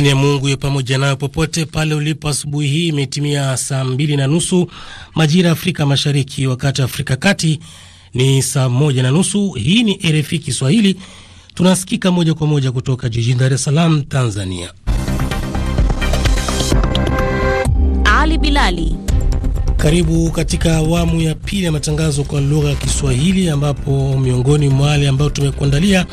Amani ya Mungu iwe pamoja nayo popote pale ulipo. Asubuhi hii imetimia saa mbili na nusu majira ya Afrika Mashariki, wakati Afrika Kati ni saa moja na nusu. Hii ni RFI Kiswahili, tunasikika moja kwa moja kutoka jijini Dar es Salaam, Tanzania. Ali Bilali, karibu katika awamu ya pili ya matangazo kwa lugha ya Kiswahili, ambapo miongoni mwa wale ambao tumekuandalia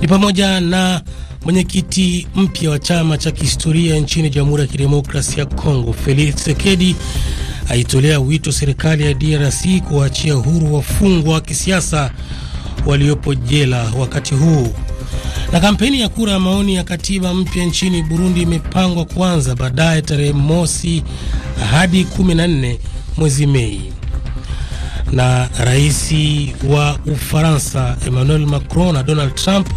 ni pamoja na mwenyekiti mpya wa chama cha kihistoria nchini Jamhuri ya Kidemokrasia ya Kongo, Felix Tshisekedi aitolea wito serikali ya DRC kuwaachia huru wafungwa wa kisiasa waliopo jela wakati huu. Na kampeni ya kura ya maoni ya katiba mpya nchini Burundi imepangwa kuanza baadaye tarehe mosi hadi 14 mwezi Mei na rais wa Ufaransa Emmanuel Macron na Donald Trump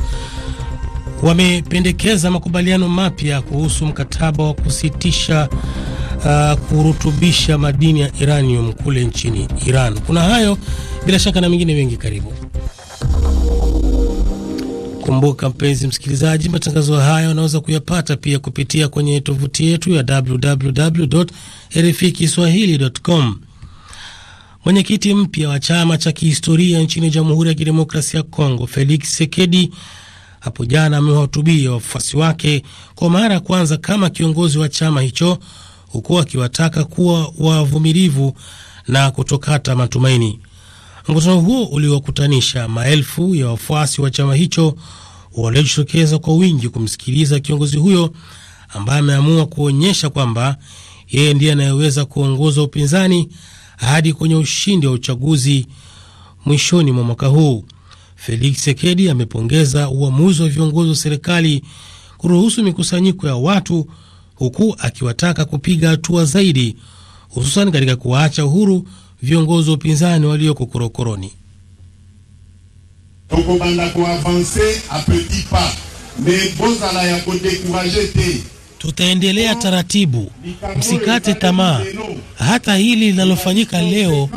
wamependekeza makubaliano mapya kuhusu mkataba wa kusitisha uh, kurutubisha madini ya uranium kule nchini Iran. Kuna hayo bila shaka na mengine mengi, karibu. Kumbuka mpenzi msikilizaji, matangazo haya unaweza kuyapata pia kupitia kwenye tovuti yetu ya www.rfikiswahili.com. Mwenyekiti mpya wa chama cha kihistoria nchini Jamhuri ya Kidemokrasia ya Kongo, Felix Tshisekedi, hapo jana amewahutubia wafuasi wake kwa mara ya kwanza kama kiongozi wa chama hicho, huku akiwataka kuwa wavumilivu na kutokata matumaini. Mkutano huo uliwakutanisha maelfu ya wafuasi wa chama hicho waliojitokeza kwa wingi kumsikiliza kiongozi huyo ambaye ameamua kuonyesha kwamba yeye ndiye anayeweza kuongoza upinzani hadi kwenye ushindi wa uchaguzi mwishoni mwa mwaka huu. Felix Chisekedi amepongeza uamuzi wa viongozi wa serikali kuruhusu mikusanyiko ya watu, huku akiwataka kupiga hatua zaidi, hususan katika kuwaacha uhuru viongozi wa upinzani walioko korokoroni. tokobanda koavanse a pas bozala ya kodekuraje te Tutaendelea taratibu, msikate tamaa. Hata hili linalofanyika leo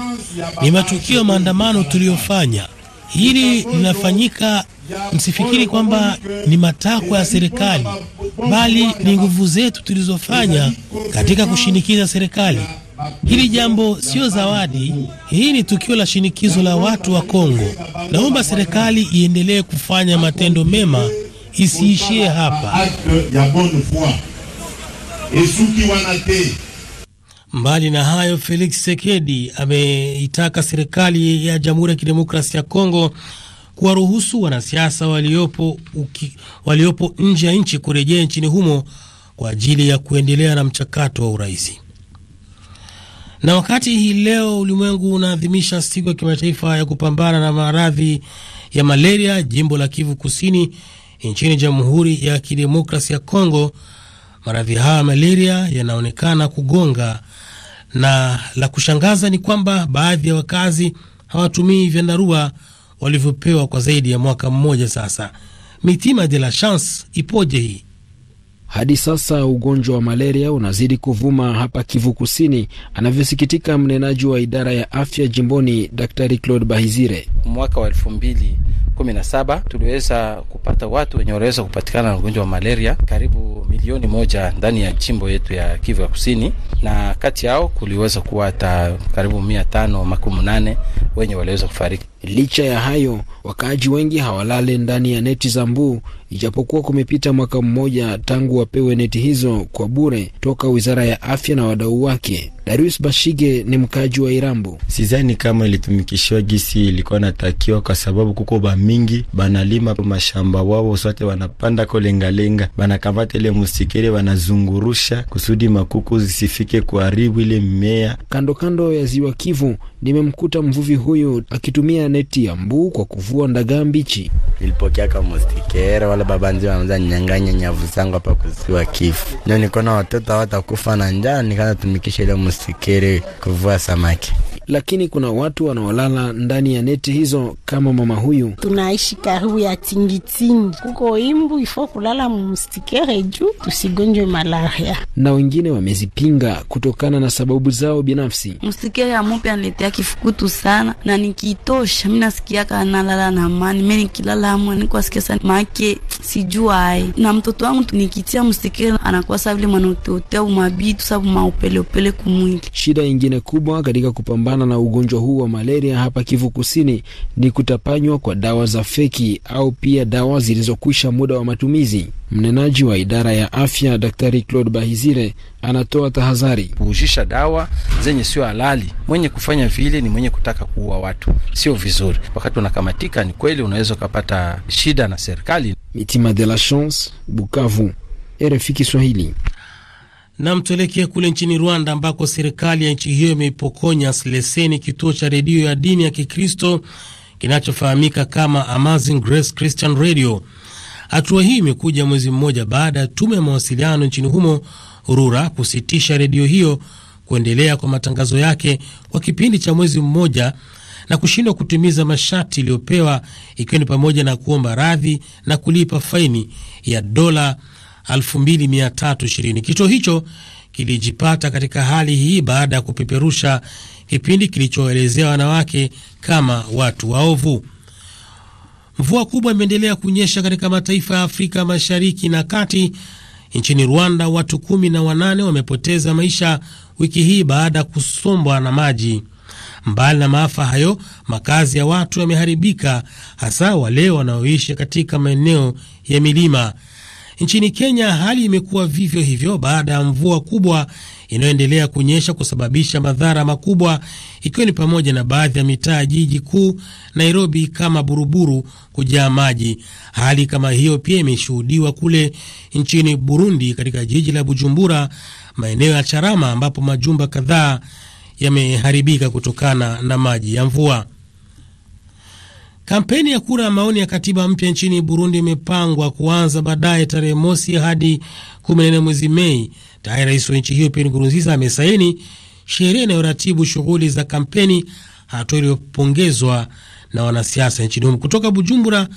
ni matukio maandamano tuliyofanya. Hili linafanyika, msifikiri kwamba ni matakwa ya serikali, bali ni nguvu zetu tulizofanya katika kushinikiza serikali. Hili jambo sio zawadi, hii ni tukio la shinikizo la watu wa Kongo. Naomba serikali iendelee kufanya matendo mema, isiishie hapa esuki wana te. Mbali na hayo, Felix Tshisekedi ameitaka serikali ya Jamhuri ya Kidemokrasia ya Kongo kuwaruhusu wanasiasa waliopo, waliopo nje ya nchi kurejea nchini humo kwa ajili ya kuendelea na mchakato wa urais. Na wakati hii leo ulimwengu unaadhimisha siku ya kimataifa ya kupambana na maradhi ya malaria, jimbo la Kivu Kusini nchini Jamhuri ya Kidemokrasia ya Kongo Maradhi haya ya malaria yanaonekana kugonga, na la kushangaza ni kwamba baadhi ya wakazi hawatumii vyandarua walivyopewa kwa zaidi ya mwaka mmoja sasa. Mitima de la Chance ipoje hii? Hadi sasa ugonjwa wa malaria unazidi kuvuma hapa Kivu Kusini, anavyosikitika mnenaji wa idara ya afya jimboni, Daktari Claude Bahizire. Mwaka wa elfu mbili kumi na saba tuliweza kupata watu wenye waliweza kupatikana na ugonjwa wa malaria karibu milioni moja ndani ya jimbo yetu ya Kivu ya Kusini, na kati yao kuliweza kuwa hata karibu mia tano makumi nane wenye waliweza kufariki. Licha ya hayo, wakaaji wengi hawalale ndani ya neti za mbu, ijapokuwa kumepita mwaka mmoja tangu wapewe neti hizo kwa bure toka wizara ya afya na wadau wake. Darius Bashige ni mkaaji wa Irambo. Sizani kama ilitumikishiwa gisi ilikuwa natakiwa, kwa sababu kuko bamingi banalima mashamba wao sote, wanapanda kolengalenga, banakamata ile musikere, wanazungurusha kusudi makuku zisifike kuharibu ile mimea kando kando ya ziwa Kivu. Nimemkuta mvuvi huyu akitumia neti ya mbu kwa kuvua ndagaa mbichi. Nilipokea kama mustikere wale babanzi wanaanza nyang'anya nyavu zangu hapa kuziwa kifu. Ndio nikona watoto hawatakufa na njaa, nikaanza tumikisha ile mustikere kuvua samaki lakini kuna watu wanaolala ndani ya neti hizo kama mama huyu. Tunaishi karibu ya tingitingi, kuko imbu ifo kulala mustikere juu tusigonjwe malaria. Na wengine wamezipinga kutokana na sababu zao binafsi. Mustikere amupe aniletea kifukutu sana, na nikitosha mi nasikiaka nalala na amani. Mi nikilala amwe nikwasikia sana make sijuae na mtoto wangu nikitia mstikere anakuwa saa vile mwanaoteotea umabitu sabu maupeleupele kumwili. Shida ingine kubwa katika kupambana kupambana na ugonjwa huu wa malaria hapa Kivu Kusini ni kutapanywa kwa dawa za feki au pia dawa zilizokwisha muda wa matumizi. Mnenaji wa idara ya afya Daktari Claude Bahizire anatoa tahadhari kuhushisha dawa zenye sio halali. Mwenye kufanya vile ni mwenye kutaka kuua watu, sio vizuri. Wakati unakamatika, ni kweli unaweza ukapata shida na serikali. Mitima de la Chance, Bukavu, RFI Kiswahili. Nam, tuelekee kule nchini Rwanda ambako serikali ya nchi hiyo imeipokonya leseni kituo cha redio ya dini ya Kikristo kinachofahamika kama Amazing Grace Christian Radio. Hatua hii imekuja mwezi mmoja baada ya tume ya mawasiliano nchini humo RURA kusitisha redio hiyo kuendelea kwa matangazo yake kwa kipindi cha mwezi mmoja na kushindwa kutimiza masharti iliyopewa ikiwa ni pamoja na kuomba radhi na kulipa faini ya dola 2320. Kituo hicho kilijipata katika hali hii baada ya kupeperusha kipindi kilichoelezea wanawake kama watu waovu. Mvua kubwa imeendelea kunyesha katika mataifa ya Afrika Mashariki na Kati. Nchini Rwanda, watu kumi na wanane wamepoteza maisha wiki hii baada ya kusombwa na maji. Mbali na maafa hayo, makazi ya watu yameharibika, hasa wale wanaoishi katika maeneo ya milima. Nchini Kenya hali imekuwa vivyo hivyo baada ya mvua kubwa inayoendelea kunyesha kusababisha madhara makubwa, ikiwa ni pamoja na baadhi ya mitaa ya jiji kuu Nairobi kama Buruburu kujaa maji. Hali kama hiyo pia imeshuhudiwa kule nchini Burundi, katika jiji la Bujumbura, maeneo ya Charama, ambapo majumba kadhaa yameharibika kutokana na maji ya mvua. Kampeni ya kura ya maoni ya katiba mpya nchini Burundi imepangwa kuanza baadaye tarehe mosi hadi 14 mwezi Mei. Tayari rais wa nchi hiyo Pierre Nkurunziza amesaini sheria inayoratibu shughuli za kampeni, hatua iliyopongezwa na wanasiasa nchini humo. Kutoka Bujumbura,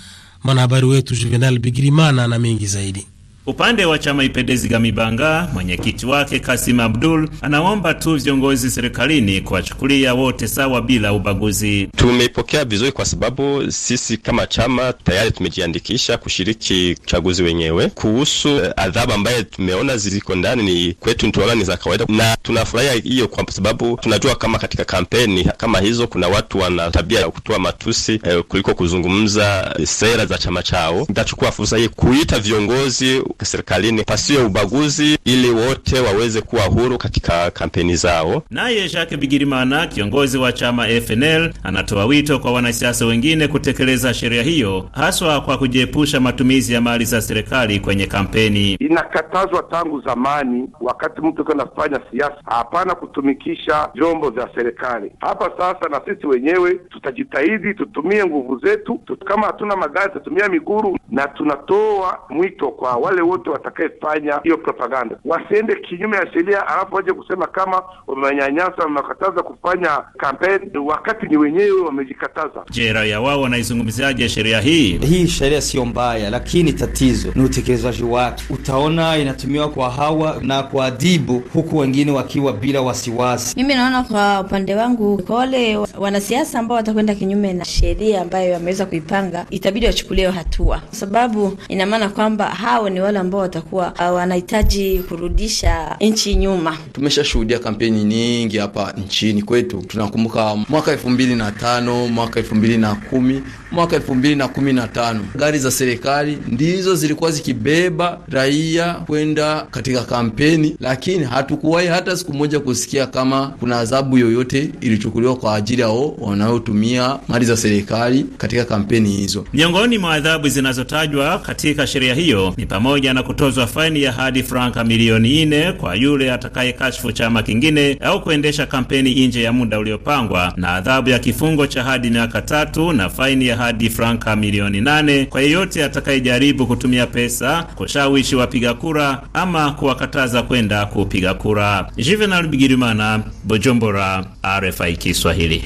mwanahabari wetu Juvenal Bigirimana na mengi zaidi. Upande wa chama Ipendezi Gamibanga, mwenyekiti wake Kasim Abdul anaomba tu viongozi serikalini kuwachukulia wote sawa bila ubaguzi. Tumeipokea vizuri kwa sababu sisi kama chama tayari tumejiandikisha kushiriki uchaguzi wenyewe. Kuhusu uh, adhabu ambaye tumeona ziliko ndani ni kwetu ntuona ni za kawaida, na tunafurahia hiyo kwa sababu tunajua kama katika kampeni kama hizo kuna watu wana tabia ya kutoa matusi uh, kuliko kuzungumza eh, sera za chama chao. Nitachukua fursa hii kuita viongozi serikalini pasiwe ubaguzi, ili wote waweze kuwa huru katika kampeni zao. Naye Jacques Bigirimana, kiongozi wa chama FNL, anatoa wito kwa wanasiasa wengine kutekeleza sheria hiyo, haswa kwa kujiepusha matumizi ya mali za serikali kwenye kampeni. Inakatazwa tangu zamani, wakati mtu akiwa anafanya siasa, hapana kutumikisha vyombo vya serikali. Hapa sasa na sisi wenyewe tutajitahidi, tutumie nguvu zetu, kama hatuna magari tutumia miguru na tunatoa mwito kwa wale wote watakayefanya hiyo propaganda wasiende kinyume ya sheria, alafu waje kusema kama wamenyanyasa, wamekataza kufanya kampeni wakati ni wenyewe wamejikataza. Je, raia wao wanaizungumziaje sheria hii? Hii sheria siyo mbaya, lakini tatizo ni utekelezaji wake. Utaona inatumiwa kwa hawa na kwa adibu, huku wengine wakiwa bila wasiwasi. Mimi naona kwa upande wangu, kwa wale wanasiasa ambao watakwenda kinyume na sheria ambayo wameweza kuipanga, itabidi wachukuliwe hatua sababu ina maana kwamba hao ni wale ambao watakuwa uh, wanahitaji kurudisha nchi nyuma. Tumeshashuhudia kampeni nyingi hapa nchini kwetu. Tunakumbuka mwaka elfu mbili na tano mwaka elfu mbili na kumi mwaka elfu mbili na kumi na tano gari za serikali ndizo zilikuwa zikibeba raia kwenda katika kampeni, lakini hatukuwahi hata siku moja kusikia kama kuna adhabu yoyote ilichukuliwa kwa ajili yao wanaotumia mali za serikali katika kampeni hizo. Miongoni mwa adhabu zinazotajwa vinavyotajwa katika sheria hiyo ni pamoja na kutozwa faini ya hadi franka milioni nne kwa yule atakayekashfu chama kingine au kuendesha kampeni nje ya muda uliopangwa, na adhabu ya kifungo cha hadi miaka tatu na faini ya hadi franka milioni nane kwa yeyote atakayejaribu kutumia pesa kushawishi wapiga kura ama kuwakataza kwenda kupiga kura. Juvenal Bigirimana, Bujumbura, RFI Kiswahili.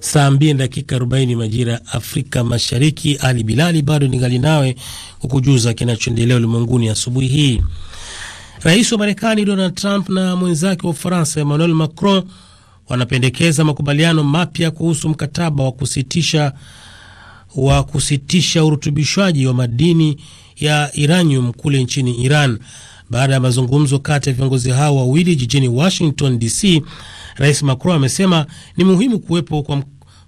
saa mbili na dakika arobaini majira ya Afrika Mashariki. Ali Bilali bado ni ngali nawe kukujuza kinachoendelea ulimwenguni asubuhi hii. Rais wa Marekani Donald Trump na mwenzake wa Ufaransa Emmanuel Macron wanapendekeza makubaliano mapya kuhusu mkataba wa kusitisha wa kusitisha urutubishwaji wa madini ya uranium kule nchini Iran baada ya mazungumzo kati ya viongozi hao wawili jijini Washington DC Rais Macron amesema ni muhimu kuwepo kwa,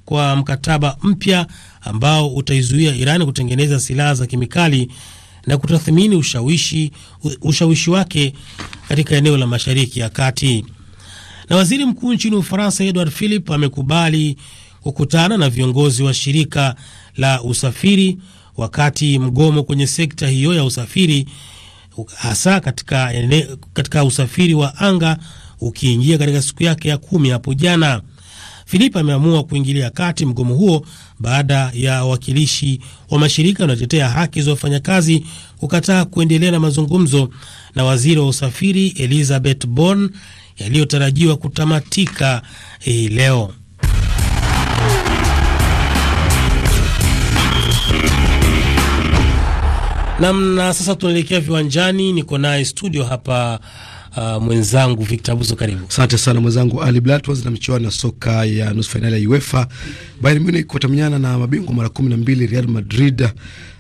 kwa mkataba mpya ambao utaizuia Iran kutengeneza silaha za kemikali na kutathmini ushawishi, ushawishi wake katika eneo la Mashariki ya Kati. Na waziri mkuu nchini Ufaransa Edward Philip amekubali kukutana na viongozi wa shirika la usafiri wakati mgomo kwenye sekta hiyo ya usafiri hasa katika, katika usafiri wa anga ukiingia katika siku yake ya kumi hapo jana. philip ameamua kuingilia kati mgomo huo baada ya wawakilishi wa mashirika yanayotetea haki za wafanyakazi kukataa kuendelea na mazungumzo na waziri wa usafiri Elizabeth bon yaliyotarajiwa kutamatika hii eh, leo. Namna sasa tunaelekea viwanjani, niko naye studio hapa uh, mwenzangu Victor Buzo, karibu. Asante sana mwenzangu Ali Blatwas. Na mchuano wa soka ya nusu fainali ya UEFA, Bayern Munich watamenyana na mabingwa mara kumi na mbili Real Madrid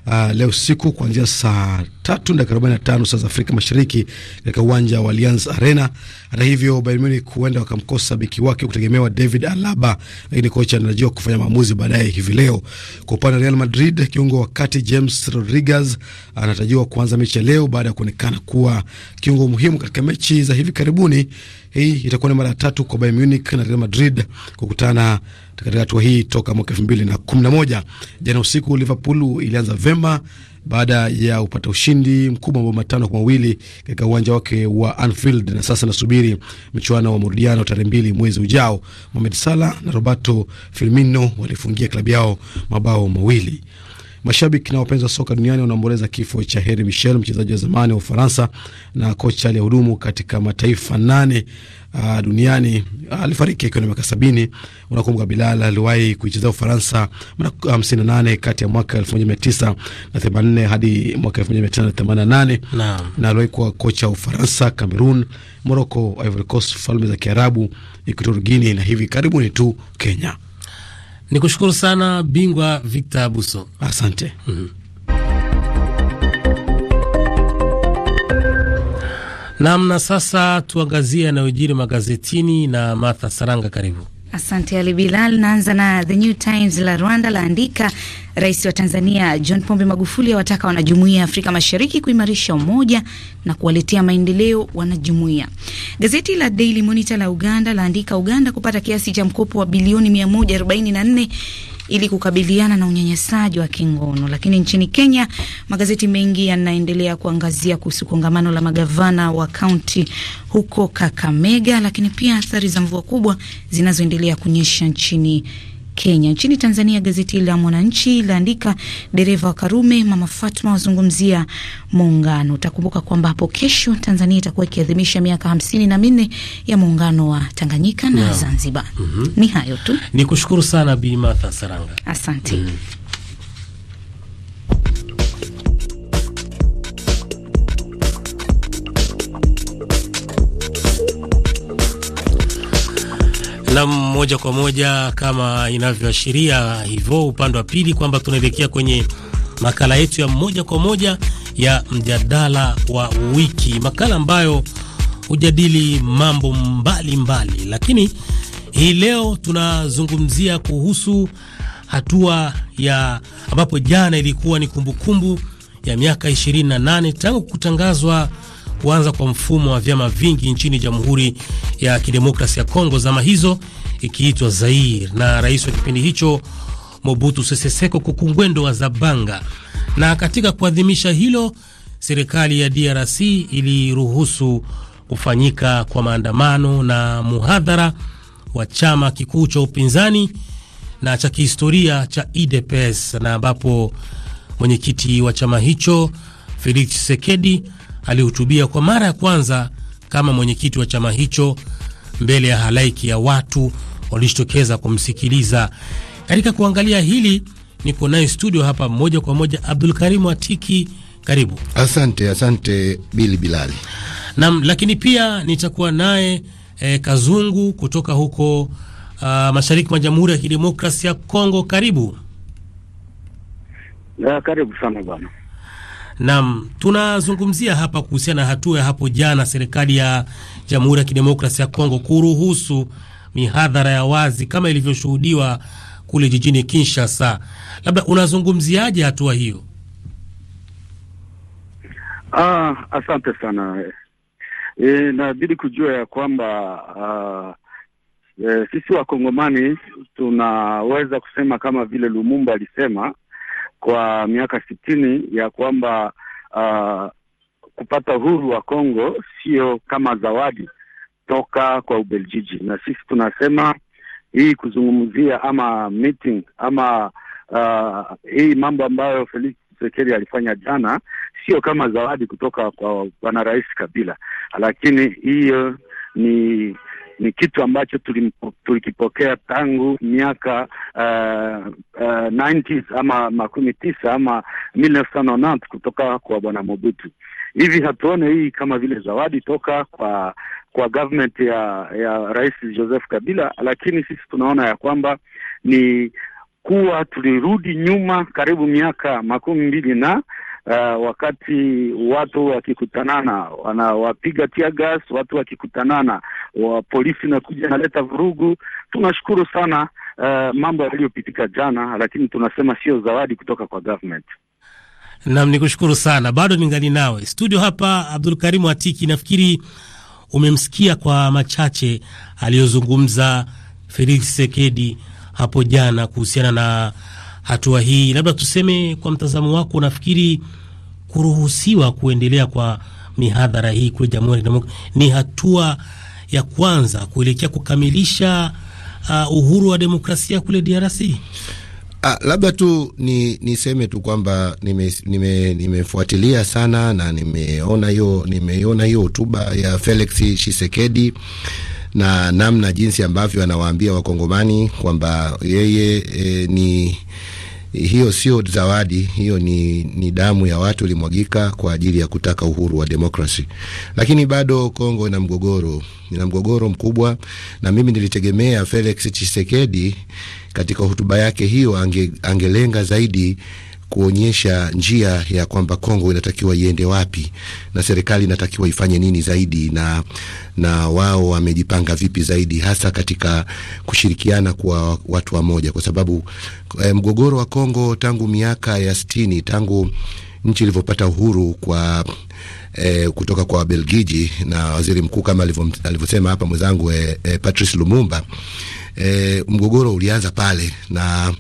uh, leo siku kuanzia saa tatu dakika arobaini na tano saa za Afrika Mashariki katika uwanja wa Allianz Arena. Hata hivyo, Bayern Munich huenda wakamkosa beki wake kutegemewa David Alaba, lakini kocha anatarajiwa kufanya maamuzi baadaye hivi leo. Kwa upande wa Real Madrid, kiungo wa kati James Rodriguez anatarajiwa kuanza mechi ya leo baada ya kuonekana kuwa kiungo muhimu katika mechi za hivi karibuni hii itakuwa ni mara ya tatu kwa Bayern Munich na Real Madrid kukutana katika hatua hii toka mwaka elfu mbili na kumi na moja. Jana usiku Liverpool ilianza vema baada ya upata ushindi mkubwa mabao matano kwa mawili katika uwanja wake wa Anfield, na sasa nasubiri mchuano wa marudiano tarehe mbili mwezi ujao. Mohamed Salah na Roberto Firmino walifungia klabu yao mabao mawili. Mashabiki na wapenzi wa soka duniani wanaomboleza kifo cha Henri Michel, mchezaji wa zamani wa Ufaransa na kocha aliyehudumu katika mataifa nane uh, duniani. Uh, alifariki akiwa na miaka sabini. Unakumbuka Bilal, aliwahi kuichezea Ufaransa mara hamsini na nane kati ya mwaka elfu moja mia tisa na themanini na nne hadi mwaka elfu moja mia tisa na themanini na nane na, na aliwahi kuwa kocha wa Ufaransa, Cameroon, Morocco, Ivory Coast, Falme za Kiarabu, Equatorial Guinea na hivi karibuni tu Kenya. Ni kushukuru sana bingwa Victor Abuso, asante. mm -hmm. Namna sasa tuangazie yanayojiri magazetini na Martha Saranga, karibu. Asante Ali Bilal. Naanza na The New Times la Rwanda laandika Rais wa Tanzania John Pombe Magufuli awataka wanajumuia ya Afrika Mashariki kuimarisha umoja na kuwaletea maendeleo wanajumuia Gazeti la Daily Monitor la Uganda laandika Uganda kupata kiasi cha mkopo wa bilioni 144 ili kukabiliana na unyanyasaji wa kingono. Lakini nchini Kenya, magazeti mengi yanaendelea kuangazia kuhusu kongamano la magavana wa kaunti huko Kakamega, lakini pia athari za mvua kubwa zinazoendelea kunyesha nchini Kenya. Nchini Tanzania, gazeti la Mwananchi laandika dereva wa Karume, Mama Fatma wazungumzia muungano. Utakumbuka kwamba hapo kesho Tanzania itakuwa ikiadhimisha miaka hamsini na minne ya muungano wa Tanganyika na no. Zanzibar. mm -hmm. Ni hayo tu, ni kushukuru sana Bi Martha Saranga, asante mm. Nam moja kwa moja kama inavyoashiria hivyo upande wa pili kwamba tunaelekea kwenye makala yetu ya moja kwa moja ya mjadala wa wiki, makala ambayo hujadili mambo mbalimbali mbali. Lakini hii leo tunazungumzia kuhusu hatua ya ambapo jana ilikuwa ni kumbukumbu kumbu ya miaka 28 tangu kutangazwa kuanza kwa mfumo wa vyama vingi nchini Jamhuri ya Kidemokrasia ya Kongo, zama hizo ikiitwa Zaire, na rais wa kipindi hicho Mobutu Sese Seko Kukungwendo wa Zabanga. Na katika kuadhimisha hilo, serikali ya DRC iliruhusu kufanyika kwa maandamano na muhadhara wa chama kikuu cha upinzani na cha kihistoria cha UDPS na ambapo mwenyekiti wa chama hicho Felix Tshisekedi alihutubia kwa mara ya kwanza kama mwenyekiti wa chama hicho mbele ya halaiki ya watu waliojitokeza kumsikiliza. Katika kuangalia hili, niko naye studio hapa moja kwa moja Abdul Karimu Atiki, karibu. Asante, asante Bili Bilali. Naam, lakini pia nitakuwa naye e, Kazungu kutoka huko uh, mashariki mwa Jamhuri ya Kidemokrasia ya Kongo, karibu. Ya, ah, karibu sana bwana. Naam, tunazungumzia hapa kuhusiana na hatua ya hapo jana serikali ya Jamhuri ya Kidemokrasia ya Kongo kuruhusu mihadhara ya wazi kama ilivyoshuhudiwa kule jijini Kinshasa. Labda unazungumziaje hatua hiyo? Ah, asante sana. E, nabidi kujua ya kwamba ah, e, sisi wakongomani tunaweza kusema kama vile Lumumba alisema kwa miaka sitini ya kwamba uh, kupata uhuru wa Kongo sio kama zawadi toka kwa Ubeljiji, na sisi tunasema hii kuzungumzia ama meeting ama uh, hii mambo ambayo Felix Tshisekedi alifanya jana sio kama zawadi kutoka kwa bwana Rais Kabila, lakini hiyo ni ni kitu ambacho tulikipokea tangu miaka uh, uh, 90 ama makumi tisa ama kutoka kwa Bwana Mobutu. Hivi hatuone hii kama vile zawadi toka kwa kwa government ya ya Rais Joseph Kabila, lakini sisi tunaona ya kwamba ni kuwa tulirudi nyuma karibu miaka makumi mbili na uh, wakati watu wakikutanana wanawapiga tiagas, gas, watu wakikutanana wa polisi nakuja naleta vurugu. Tunashukuru sana uh, mambo yaliyopitika jana, lakini tunasema sio zawadi kutoka kwa government. Nam, kushukuru sana. Bado ningali nawe studio hapa, Abdul Karimu Atiki. Nafikiri umemsikia kwa machache aliyozungumza Felix Sekedi hapo jana kuhusiana na hatua hii, labda tuseme, kwa mtazamo wako, unafikiri kuruhusiwa kuendelea kwa mihadhara hii kule Jamhuri ni hatua ya kwanza kuelekea kukamilisha uh, uhuru wa demokrasia kule DRC? Ah, labda tu ni niseme tu kwamba nimefuatilia nime, nime sana na nimeona hiyo nimeiona hiyo hotuba ya Felix Tshisekedi na namna jinsi ambavyo anawaambia Wakongomani kwamba yeye e, ni hiyo sio zawadi, hiyo ni, ni damu ya watu ilimwagika kwa ajili ya kutaka uhuru wa demokrasi. Lakini bado Kongo ina mgogoro, ina mgogoro mkubwa, na mimi nilitegemea Felix Tshisekedi katika hotuba yake hiyo ange, angelenga zaidi kuonyesha njia ya kwamba Kongo inatakiwa iende wapi na serikali inatakiwa ifanye nini zaidi na, na wao wamejipanga vipi zaidi, hasa katika kushirikiana kwa watu wa moja, kwa sababu eh, mgogoro wa Kongo tangu miaka ya sitini tangu nchi ilivyopata uhuru kwa eh, kutoka kwa Belgiji na waziri mkuu kama alivyosema hapa mwenzangu eh, eh, Patrice Lumumba e, mgogoro ulianza pale na,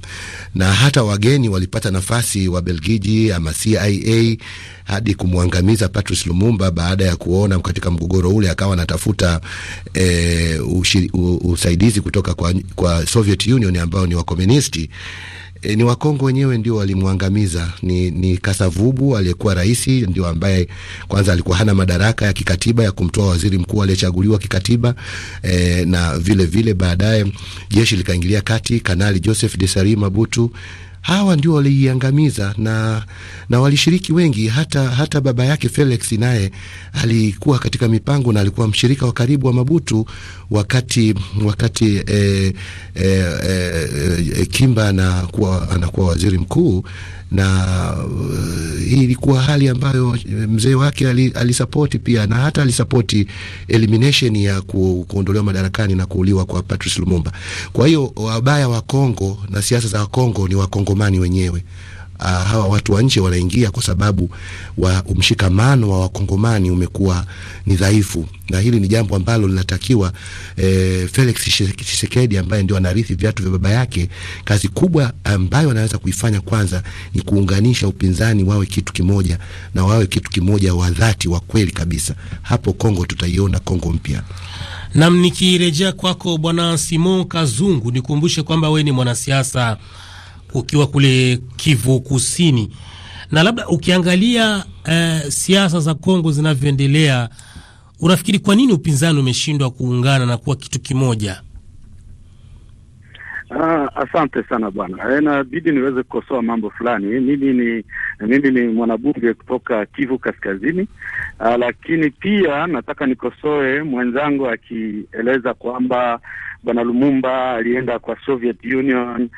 na hata wageni walipata nafasi wa Belgiji ama CIA hadi kumwangamiza Patrice Lumumba baada ya kuona katika mgogoro ule akawa anatafuta e, usaidizi kutoka kwa, kwa Soviet Union ambao ni wakomunisti E, ni Wakongo wenyewe ndio walimwangamiza. Ni, ni Kasavubu aliyekuwa rais ndio ambaye kwanza alikuwa hana madaraka ya kikatiba ya kumtoa waziri mkuu aliyechaguliwa kikatiba e, na vile vile baadaye jeshi likaingilia kati. Kanali Joseph Desari Mabutu hawa ndio waliiangamiza na, na walishiriki wengi. Hata, hata baba yake Felix naye alikuwa katika mipango na alikuwa mshirika wa karibu wa Mabutu wakati, wakati eh, eh, eh, eh Kimba anakuwa, anakuwa waziri mkuu na uh, hii ilikuwa hali ambayo mzee wake alisapoti ali pia na hata alisapoti elimination ya ku, kuondolewa madarakani na kuuliwa kwa Patrice Lumumba. Kwa hiyo wabaya wa Kongo na siasa za Kongo ni wakongomani wenyewe uh, hawa watu wa nje wanaingia kwa sababu wa mshikamano wa wakongomani umekuwa ni dhaifu, na hili ni jambo ambalo linatakiwa eh, Felix Tshisekedi ambaye ndio anarithi viatu vya baba yake, kazi kubwa ambayo anaweza kuifanya kwanza ni kuunganisha upinzani wawe kitu kimoja na wawe kitu kimoja wa dhati wa kweli kabisa. Hapo Kongo tutaiona Kongo mpya. Nam, nikirejea kwako Bwana Simon Kazungu, nikumbushe kwamba wewe ni mwanasiasa ukiwa kule Kivu Kusini, na labda ukiangalia uh, siasa za Kongo zinavyoendelea, unafikiri kwa nini upinzani umeshindwa kuungana na kuwa kitu kimoja? Ah, asante sana bwana. Inabidi eh, niweze kukosoa mambo fulani. Mimi ni mimi ni mwanabunge kutoka Kivu Kaskazini. Ah, lakini pia nataka nikosoe mwenzangu akieleza kwamba Bwana Lumumba alienda kwa Soviet Union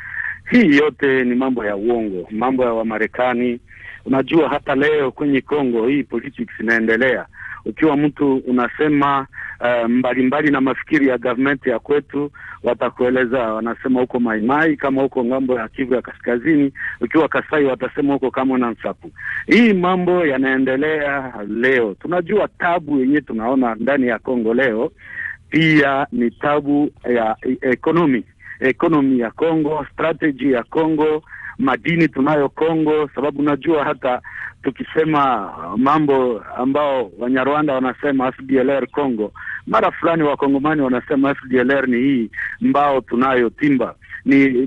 hii yote ni mambo ya uongo, mambo ya Wamarekani. Unajua, hata leo kwenye Kongo hii politics inaendelea. Ukiwa mtu unasema uh, mbalimbali na mafikiri ya government ya kwetu, watakueleza wanasema huko Maimai, kama huko ngambo ya Kivu ya Kaskazini, ukiwa Kasai watasema huko kama na Hii mambo yanaendelea leo. Tunajua tabu yenyewe tunaona ndani ya Kongo leo pia ni tabu ya e ekonomi ya Kongo, strategy ya Kongo, madini tunayo Kongo, sababu najua hata tukisema mambo ambao Wanyarwanda wanasema FDLR Kongo, mara fulani wakongomani wanasema FDLR ni hii mbao tunayo timba ni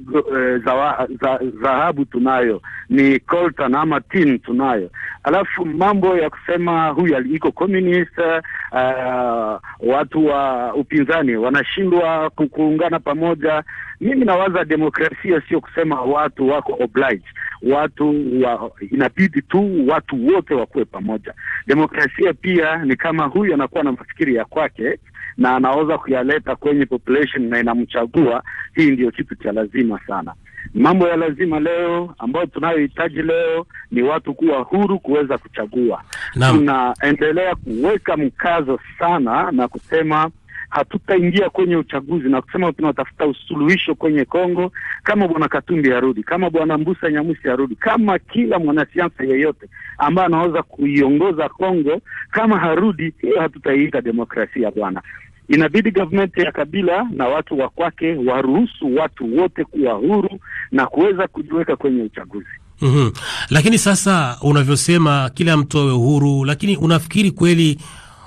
dhahabu eh, za, tunayo ni coltan ama tin tunayo, alafu mambo ya kusema huyu iko communist uh, watu wa upinzani wanashindwa kuungana pamoja. Mimi nawaza demokrasia sio kusema watu wako oblige watu wa, inabidi tu watu wote wakuwe pamoja. Demokrasia pia ni kama huyu anakuwa na mafikiri ya kwake na anaweza kuyaleta kwenye population na inamchagua. Hii ndiyo kitu cha lazima sana. Mambo ya lazima leo ambayo tunayohitaji leo ni watu kuwa huru kuweza kuchagua. Tunaendelea kuweka mkazo sana na kusema hatutaingia kwenye uchaguzi na kusema tunatafuta usuluhisho kwenye Kongo, kama bwana Katumbi arudi, kama bwana Mbusa Nyamusi arudi, kama kila mwanasiasa yeyote ambaye anaweza kuiongoza Kongo, kama harudi, hiyo hatutaiita demokrasia bwana. Inabidi government ya Kabila na watu wa kwake waruhusu watu wote kuwa huru na kuweza kujiweka kwenye uchaguzi. Mm -hmm. Lakini sasa unavyosema kila mtu awe uhuru, lakini unafikiri kweli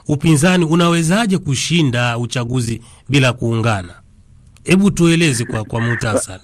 upinzani unawezaje kushinda uchaguzi bila kuungana? Hebu tueleze kwa, kwa muhtasari.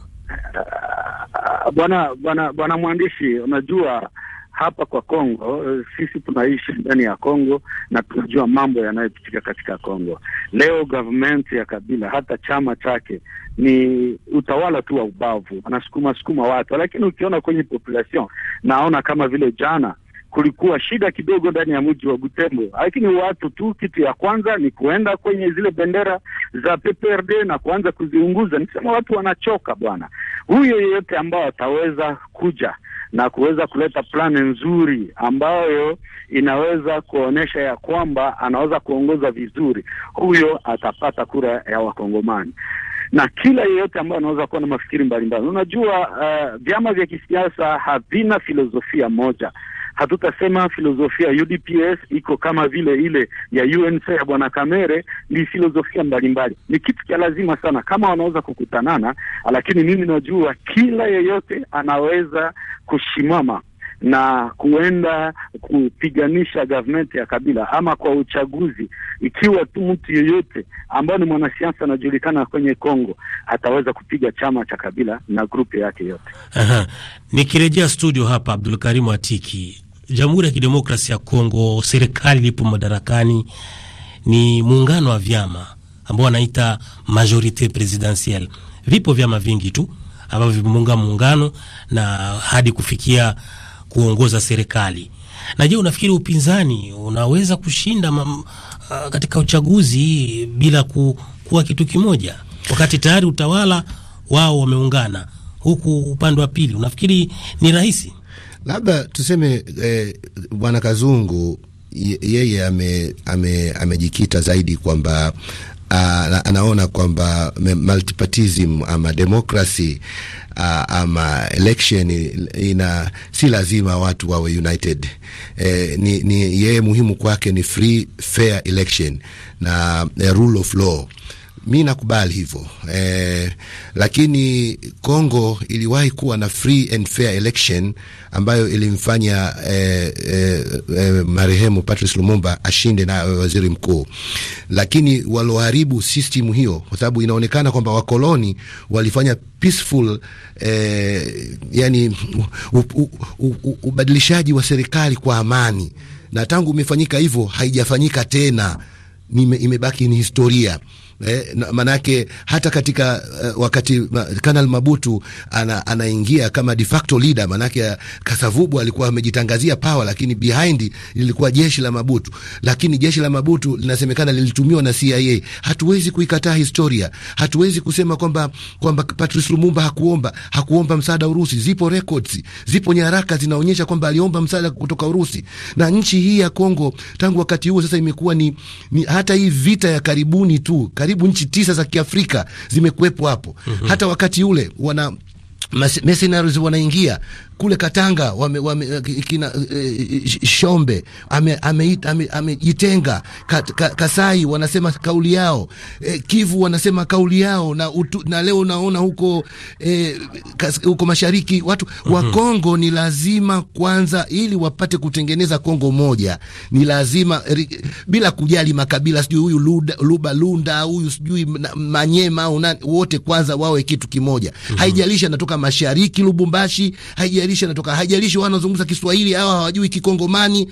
Bwana bwana bwana mwandishi, unajua hapa kwa Kongo sisi tunaishi ndani ya Kongo na tunajua mambo yanayopitika katika Kongo. Leo government ya Kabila hata chama chake ni utawala tu wa ubavu, anasukuma sukuma watu, lakini ukiona kwenye population naona kama vile jana kulikuwa shida kidogo ndani ya mji wa Butembo, lakini watu tu, kitu ya kwanza ni kuenda kwenye zile bendera za PPRD na kuanza kuziunguza. nisema watu wanachoka bwana, huyo yeyote ambao ataweza kuja na kuweza kuleta plani nzuri ambayo inaweza kuonyesha ya kwamba anaweza kuongoza vizuri, huyo atapata kura ya Wakongomani na kila yeyote ambayo anaweza kuwa na mafikiri mbalimbali. Unajua, uh, vyama vya kisiasa havina filosofia moja hatutasema filozofia ya UDPS iko kama vile ile ya UNC ya bwana Kamere. Ni filozofia mbalimbali, ni kitu cha lazima sana kama wanaweza kukutanana, lakini mimi najua kila yeyote anaweza kushimama na kuenda kupiganisha government ya Kabila ama kwa uchaguzi. Ikiwa tu mtu yeyote ambaye ni mwanasiasa anajulikana kwenye Kongo ataweza kupiga chama cha Kabila na grupu yake yote. Aha. Nikirejea studio hapa, Abdul Karim Atiki, Jamhuri ya Kidemokrasia ya Kongo, serikali ipo madarakani ni muungano wa vyama ambao wanaita majorite presidentielle. Vipo vyama vingi tu ambavyo vimeunga muungano na hadi kufikia kuongoza serikali. Na je, unafikiri upinzani unaweza kushinda mam, uh, katika uchaguzi bila ku, kuwa kitu kimoja, wakati tayari utawala wao wameungana huku upande wa pili? Unafikiri ni rahisi? Labda tuseme eh, bwana eh, Kazungu yeye amejikita ame, ame zaidi kwamba Aa, ah, anaona kwamba multipartism ama democracy Uh, ama election ina si lazima watu wawe united. Eh, ni, ni yeye muhimu kwake ni free fair election na eh, rule of law mi nakubali hivyo eh, lakini congo iliwahi kuwa na free and fair election ambayo ilimfanya eh, eh, eh, marehemu Patrice Lumumba ashinde na waziri mkuu, lakini waloharibu system hiyo, kwa sababu inaonekana kwamba wakoloni walifanya peaceful eh, yani ubadilishaji wa serikali kwa amani, na tangu imefanyika hivyo haijafanyika tena, imebaki ni historia eh, manake hata katika uh, wakati Kanal Mabutu ana, anaingia kama de facto leader, manake eh, Kasavubu alikuwa amejitangazia power, lakini behind lilikuwa jeshi la Mabutu, lakini jeshi la Mabutu linasemekana lilitumiwa na CIA. Hatuwezi kuikataa historia, hatuwezi kusema kwamba kwamba Patrice Lumumba hakuomba hakuomba msaada Urusi. Zipo records, zipo nyaraka zinaonyesha kwamba aliomba msaada kutoka Urusi, na nchi hii ya Kongo tangu wakati huo sasa imekuwa ni, ni hata hii vita ya karibuni tu karibu nchi tisa za Kiafrika zimekuwepo hapo. mm -hmm. Hata wakati ule wana mercenaries wanaingia kule Katanga wame, wame, eh, kina, eh, eh Shombe amejitenga ame, ame, ame ka, ka, Kasai wanasema kauli yao eh, Kivu wanasema kauli yao na, utu, na leo naona huko eh, kas, huko mashariki watu mm -hmm. wa Kongo ni lazima kwanza, ili wapate kutengeneza Kongo moja, ni lazima eh, bila kujali makabila, sijui huyu Luba Lunda huyu sijui Manyema au wote, kwanza wawe kitu kimoja mm -hmm. haijalishi anatoka mashariki Lubumbashi haija haijalishi anatoka, haijalishi wanazungumza Kiswahili au hawajui Kikongomani.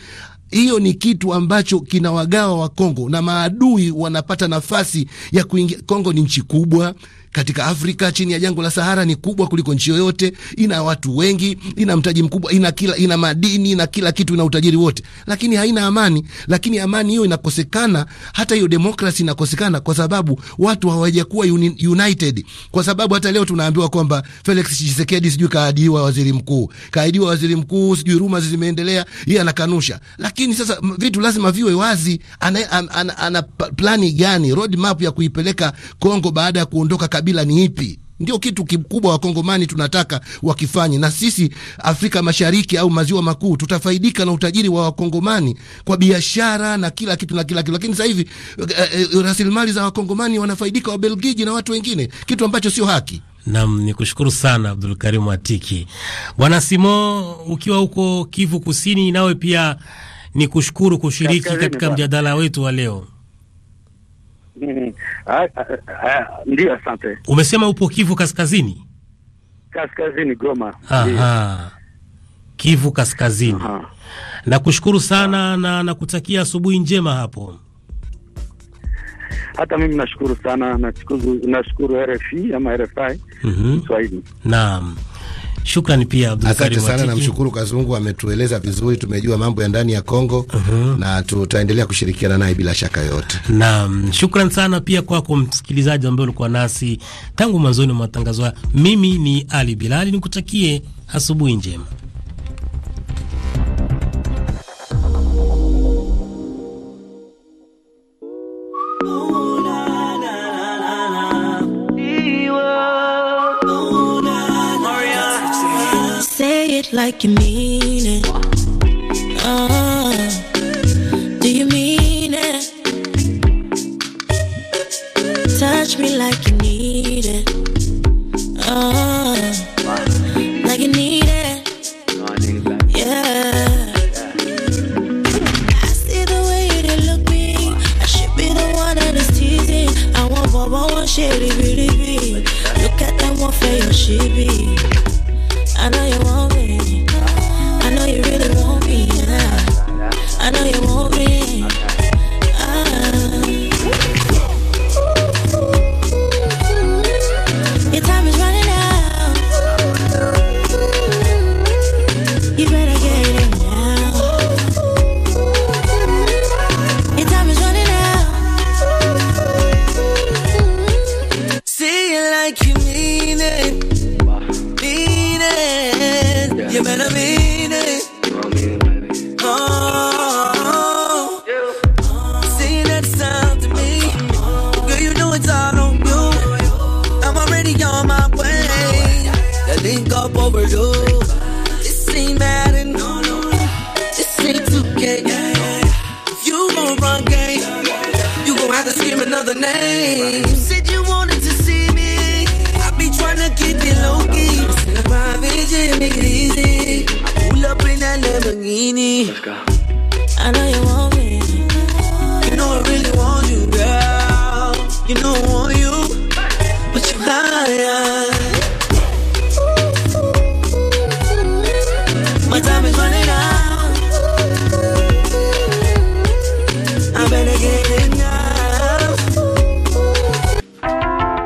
Hiyo ni kitu ambacho kinawagawa wa Kongo na maadui wanapata nafasi ya kuingia. Kongo ni nchi kubwa katika Afrika chini ya jangwa la Sahara ni kubwa kuliko nchi yoyote, ina watu wengi, ina mtaji mkubwa, ina kila, ina madini, na kila kitu, ina utajiri wote, lakini haina amani. Lakini amani hiyo inakosekana, hata hiyo demokrasi inakosekana kwa sababu watu hawajakuwa united. Kwa sababu hata leo tunaambiwa kwamba Felix Tshisekedi sijui kaadiwa waziri mkuu, kaadiwa waziri mkuu, sijui ruma zimeendelea, yeye anakanusha. Lakini sasa vitu lazima viwe wazi, ana, ana, ana, ana plani gani, road map ya kuipeleka Kongo baada ya kuondoka kabila ni ipi? Ndio kitu kikubwa wakongomani tunataka wakifanye, na sisi Afrika Mashariki au maziwa makuu tutafaidika na utajiri wa wakongomani kwa biashara na kila kitu na kila kitu. Lakini sasa hivi uh, uh, rasilimali za wakongomani wanafaidika Wabelgiji na watu wengine, kitu ambacho sio haki. Nam ni kushukuru sana Abdul Karimu Atiki. Bwana Simo, ukiwa huko Kivu Kusini, nawe pia ni kushukuru kushiriki katika mjadala wetu wa leo. Ah, ah, ah, ndio, asante. Umesema upo Kivu Kaskazini? Kaskazini, Goma. Aha. Kivu Kaskazini. Aha. Nakushukuru sana na nakutakia asubuhi njema hapo. Hata mimi nashukuru sana, nashukuru RFI ama RFI mhm. Kiswahili. Naam. Shukrani pia asante sana, namshukuru Kazungu ametueleza vizuri, tumejua mambo ya ndani ya Kongo uh mhm. -huh. na tutaendelea kushirikiana naye bila shaka yote. Naam, shukran sana pia kwako msikilizaji ambaye ulikuwa nasi tangu mwanzoni mwa matangazo haya. Mimi ni Ali Bilali, nikutakie asubuhi njema. like you mean it. You better mean it. Oh, oh. see that sound to me. Girl, you know it's all on you. I'm already on my way. The link up overdue. This ain't Madden. This ain't 2K. you gon' run game, you gon' have to scream another name. Let's go.